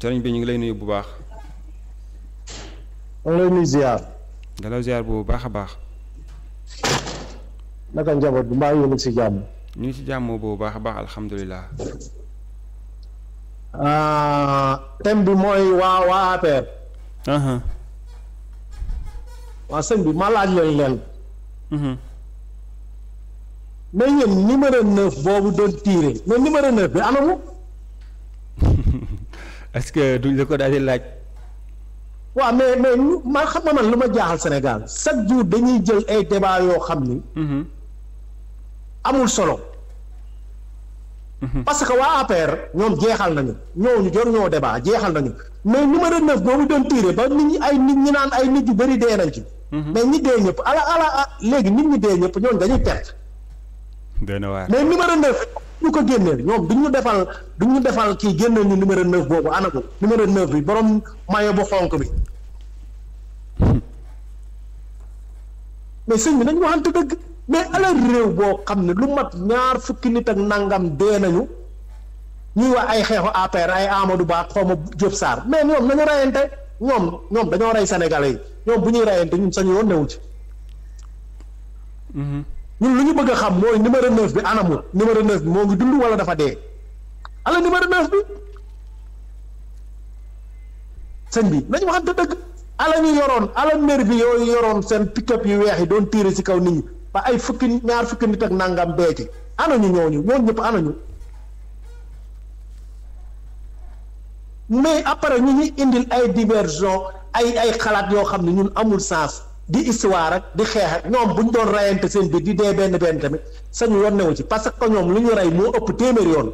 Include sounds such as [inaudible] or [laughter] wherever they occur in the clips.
sëriñ bi ñu ngi lay nuyu bu baax. maa ngi lay nuyu ziar. dalaw ziar bu baax a baax. naka njaboot bi mbaa yéen ci jàmm. ñu ngi si jàmm bu baax a baax alhamdulilah. Ah, thème bi mooy waa waa APR. waa sëñ bi ma leen leen. Mhm. mais yéen numéro neuf boobu doon tiire mais numéro neuf bi anamu. est-ce que duñ la ko daal di laaj. waaw mais mais man xam nga man lu ma jaaxal Sénégal chaque jour dañuy jël ay débat yoo xam ni. Mm-hmm. amul solo. Mm-hmm. parce que waa APR ñoom jeexal nañu ñooñu jor ñoo débat jeexal nañu mais numéro neuf boobu doon tiire ba nit ñi ay nit ñi naan ay nit yu bëri dee nañ ci. Mm-hmm. mais ñi dee ñëpp ala ala léegi nit ñi dee ñëpp ñoom dañuy perte. mais numéro neuf. ñu ko génneel ñoom duñ ñu defal du ñu defal kii génneel ñu numéro 9 boobu ana ko numéro 9 bi borom maillot bu xonk bi mais sëñ bi nañ waxante dëgg mais alal réew boo xam ne lu mat ñaar fukki nit ak nangam dee nañu ñuy wax ay xeexu APR ay Amadou Ba xaw ma Diop Sarr mais ñoom nañu rayante ñoom ñoom dañoo rey Sénégalais yi ñoom bu ñuy rayante ñun sañ yoon newu ci. Mm-hmm. ñun lu ñu bëgg a xam mooy numéro 9 bi anamut numéro 9 bi moo ngi dund wala dafa dee ala numéro 9 bi sëñ bi nañu waxante dëgg ala ñu yoroon ala mer bi yooyu yoroon seen pick-up yu weex yi doon tiire si kaw nit ñi ba ay fukki ñaar fukki nit ak nangam dee ci anañu ñooñu ñooñu ñëpp anañu mais après ñu ñuy indil ay diversion ay ay xalaat yoo xam ne ñun amul sens. di histoire ak di xeex ak ñoom bu ñu doon rayante seen biir di dee benn benn tamit sañu yoon newu ci parce que ñoom lu ñu rey moo ëpp téeméer yoon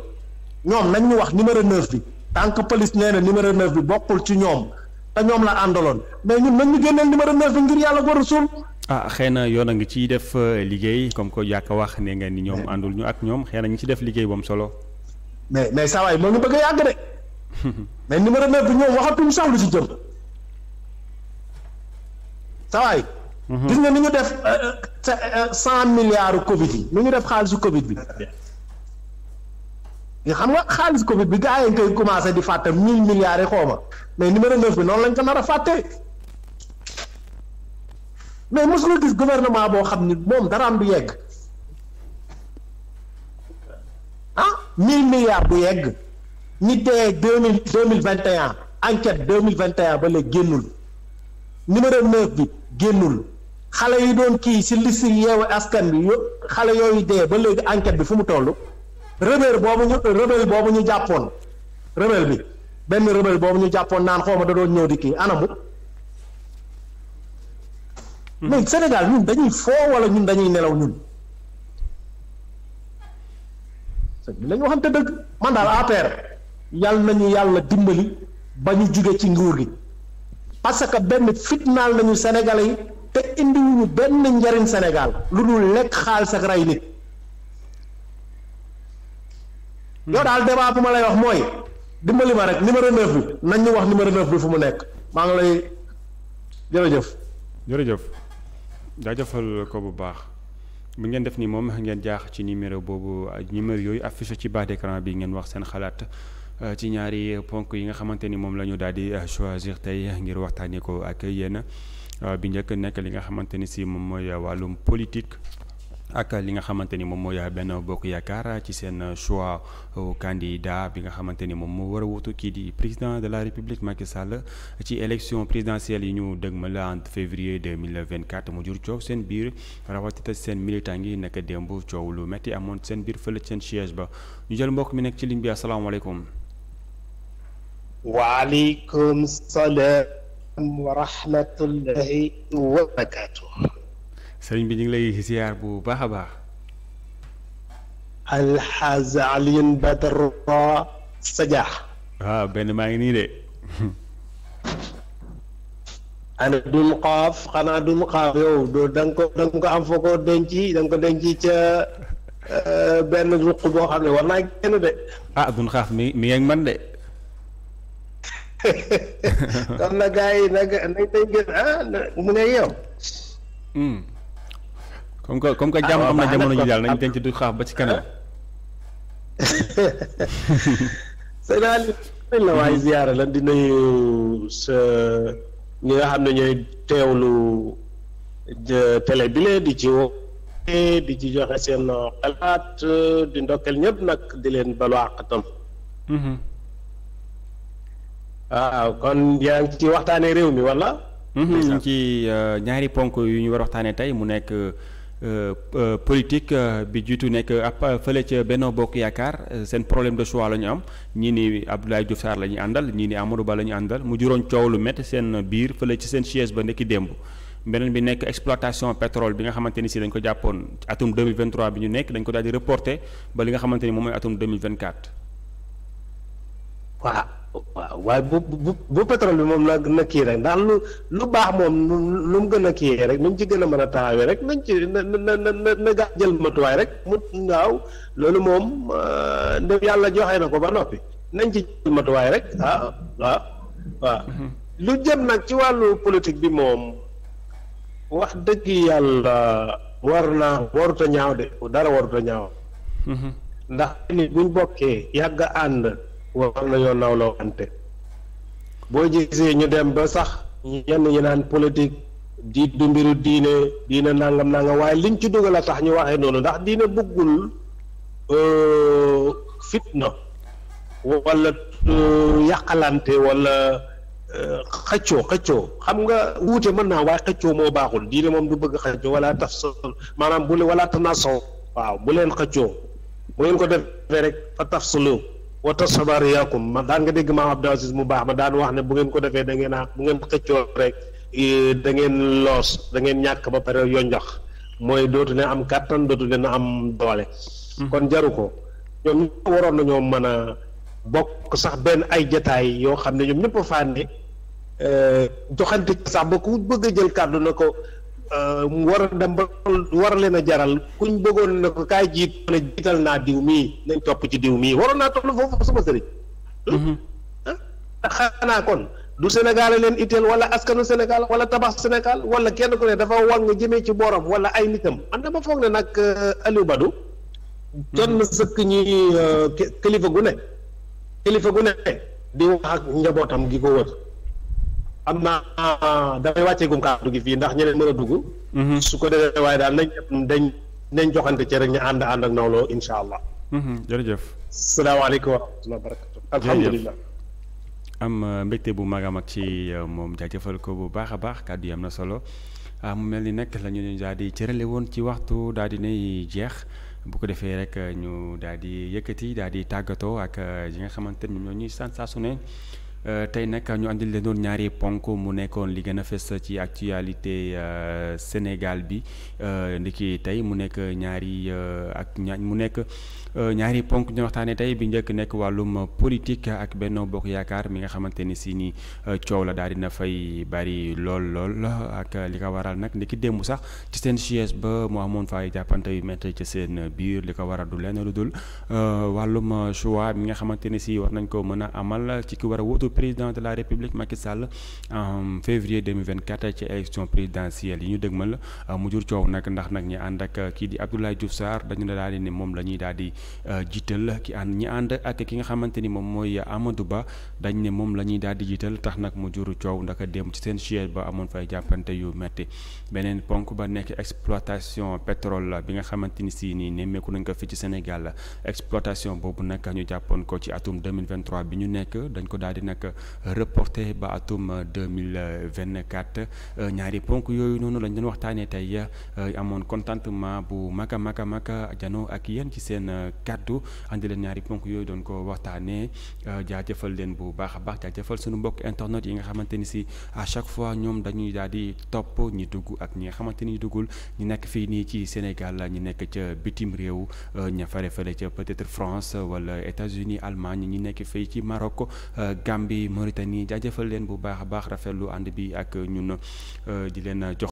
ñoom nañ ñu wax numéro 9 bi tant que police nee na numéro 9 bi bokkul ci ñoom te ñoom la àndaloon mais ñun nañ ñu génneel numéro 9 bi ngir yàlla góor a suul. ah xëy na yoon a ngi ciy def euh, liggéey comme ko yàq wax ne nga ni ñoom àndul ñu ak ñoom xëy na ñu ci def liggéey boobu solo. mais mais saa waay moo ngi bëgg a yàgg de [laughs] mais numéro 9 bi ñoom waxatuñ sax lu ci jëm. sawaay mhm. gis nga ni ñu def euh, euh, euh, cent milliards Covid yi ni ñu def xaalisu Covid bi nga xam nga xaalis Covid bi gaa yi nga koy commencé di fàtte mille milliards yi xooma mais numéro neuf bi noonu lañ ko nar a fàtte mais mosu nga gis gouvernement boo xam ni moom dara am du yegg ah mille milliards bu yegg ñi tee deux mille deux mille vingt et un enquête deux mille vingt et ba léegi génnul. numéro 9 bi génnul xale yi doon kii si liste yeewu askan bi yëpp xale yooyu dee ba léegi enquête bi fu mu toll rebelle boobu ñu rebelle boobu ñu jàppoon rebelle bi benn rebelle boobu ñu jàppoon naan xaw ma da doon ñëw di kii anamu. Hmm. mais Sénégal ñun dañuy foo wala ñun dañuy nelaw ñun. bi la ñu waxante dëgg man daal APR yàlla nañu yàlla dimbali ba ñu jóge ci nguur gi. parce que benn fitnaal nañu Sénégalais yi te indiwuñu benn njariñ Sénégal lu dul lekk xaalis ak rey nit yow daal demaa bu ma lay wax mooy dimbali ma rek numéro 9 bi nañ ñu wax numéro 9 bi fu mu nekk maa ngi lay jërëjëf. jërëjëf jaajëfal ko bu baax bi ngeen def ni moom ngeen jaax ci numéro boobu numéro yooyu affiché ci bas d'écran bi ngeen wax seen xalaat. Euh, ci ñaari ponk yi nga xamante ni moom lañu ñu daal di euh, choisir tey ngir waxtaanee ko ak yéen euh, bi njëkk nekk li nga xamante ni si moom mooy wàllum politique. ak li nga xamante ni moom mooy benn bokk yaakaar ci seen choix candidat bi nga xamante ni moom moo war a wutu kii di président de la république Macky Sall ci élection présidentielle yi ñu dëgmal en février 2024 mu jur coow seen biir rawatina seen militant yi nekk démb coow lu metti amoon seen biir fële seen siège ba ñu jël mbokk mi nekk ci ligne bi asalaamaaleykum waaleykum salaam wa rahmatullahi bi ñu ngi lay ziar baax a baax. Alxaaj ah, benn maa ngi nii de. ana dum xaaf xanaa dum xaaf yow doo ko am foo ko denc da nga ko denc ca euh, benn ruq boo xam ne war naa génn de. ah dum xaaf mi mi ngi man de. kon [laughs] na gars yi na gars nañ nañ gën ah mu ne yow. Hmm. comme que comme que jàmm ah, am na jamono ji daal nañ ah. denc du xaaf ba ci kanam. [laughs] sëñ Aliou dañ la waaye hmm. nga xam ne ñooy teewlu télé bi di ci woo di ci joxe seen xalaat di ndokkeel ñëpp nag di leen balu àq waaw kon yaa ngi ci waxtaanee réew mi wala. Mhm, ñu ngi ci euh, ñaari ponk yu ñu war waxtaanee tey mu nekk euh, euh, politique bi jiitu nekk ab fële ca Benno Bokk Yaakaar seen problème de choix la ñu am ñii ni Abdoulaye Diouf Sarr la àndal ñii ni Amadou Ba la àndal mu juróon coow lu métti seen biir fële ci seen siège ba ndekki démb. beneen bi nekk exploitation pétrole bi nga xamante ni si dañ ko jàppoon atum 2023 bi ñu nekk dañ ko daal di reporté ba li nga xamante ni moom mooy atum 2024 waaw waaw waaye bu bu bu pétrole bi moom la na kii rek ndax lu lu baax moom lu mu gën a kii rek nuñ ci gën a mën a taxawee rek nañ ci na na na na gaa jël matuwaay rek mu waaw loolu moom euh, ndem yàlla joxe na ko ba noppi nañ ci jël matuwaay rek ah waaw waaw mhm. lu jëm nag ci wàllu politique bi moom wax dëgg yàlla war naa waruta ñaaw de dara waruta ñaaw mhm. ndax nit buñ bokkee yàgg ànd war na nawloo ante boo gisee ñu dem ba sax yenn ñu naan politique di du mbiru diine diine nangam nangam waaye liñ ci dugal a tax ñu waxee noonu ndax diine bëggul euh, fitna wala euh, yàqalante walla euh, xëccoo xëccoo xam nga wuute mën naa waaye xëccoo moo baaxul diine moom du bëgg xëccoo wala taf so maanaam bu wala tanaasoo waaw bu leen xëccoo bu ngeen ko defee rek fa taf solo wata sabar yaakum ma daan nga dégg maam Abdou Aziz mu baax ma daan wax ne bu ngeen ko defee da ngeen a bu ngeen xëccoo rek eh, da ngeen loos da ngeen ñàkk ba pare yonjox mooy dootu leen am kàttan dootu leen am doole hmm. kon jaru ko ñoom ñëpp waroon nañoo mën a bokk sax benn ay jataay yoo xam ne ñoom ñëpp a fànne eh, joxante sax ba ku bëgg jël kàddu na ko Euh, mu war a dem ba war a leen a jaral kuñ bëggoon na ko kaay jiit ne jiital naa diw mii nañ topp ci diw mii waroon naa toll foofu sama sëriñ. Mhm. ah xanaa kon du Sénégal leen itteel wala askanu Sénégal wala tabax Sénégal wala kenn ku ne dafa war nga jëmee ci booram wala ay nitam man dama foog ne nag euh, Aliou Badou. doon na sëkk ñi euh, kilifa gu ne. kilifa gu ne di wax ak njabootam gi ko wër. am naa damay wàcceegum kàddu gi fii ndax ñeneen mën a dugg. Mhm. su ko defee waaye daal nañ dañ nañ joxante ci rek ñu ànd ànd ak incha allah. Mhm, jërëjëf. salaamaaleykum wa rahmatulah euh, bu mag a mag ci euh, moom jaajëfal ko bu baax a baax kàddu yi am na solo ah, mu mel ni nag lañu ñu daal di cërale woon ci waxtu daal di nay jeex. bu ko defee rek ñu daal di yëkkati daal di tàggatoo ak yi euh, nga xamante ni ñoo ñuy sant saa su ne Euh, tey nag ñu andil leen doon ñaari ponk mu nekkoon li gën a fes ci actualité euh, Sénégal bi euh, ndiki tey mu nekk ñaari ak ña mu nekk ñaari ponk ñu waxtaanee tey bi njëkk nekk wàllum politique ak Benno Bokk Yaakaar mi nga xamante ni si ni coow la daal dina fay bari lool lool ak li ko waral nag ndiki démb sax ci seen siège ba mu amoon fay jàppante yu métti ci seen biir li ko waral du lenn lu dul wàllum choix mi nga xamante ni si war nañ ko mën a amal président de la république Macky Sall en février 2024 ci élection présidentielle yi ñu dëgmal mu jur coow nag ndax nag ñi ànd ak kii di Abdoulaye Diouf Sarr dañu ne daal di ne moom la ñuy daal di euh, jiital ki ànd ñi ànd ak ki nga xamante ni moom mooy Amadou Ba dañ ne moom la ñuy daal di jiital tax nag mu juru coow ndaka dem ci seen siège ba amoon fay jàppante yu metti beneen ponk ba nekk exploitation pétrole bi nga xamante ni si nii nemmeeku nañ ko fi ci Sénégal exploitation boobu nag ñu jàppoon ko ci atum 2023 bi ñu nekk dañ ko daal di donc reporté ba atum euh, deux mille euh, ñaari ponk yooyu noonu lañ doon waxtaanee tey euh, amoon contentement bu mag a mag a mag jano ak yéen ci seen kàddu andi leen ñaari ponk yooyu doon ko waxtaanee jaajëfal leen bu baax a baax jaajëfal suñu mbokk internet yi nga xamante ni si à chaque fois ñoom dañuy daal di topp ñi dugg ak ñi nga xamante ni duggul ñi nekk fii nii ci Sénégal ñi nekk ca bitim réew ña fare fale ca peut France wala États-Unis Allemagne ñi nekk fii ci Maroc Gambie Mauritanie jaajëfal leen bu baax a baax lu ànd bi ak ñun euh, di leen jox.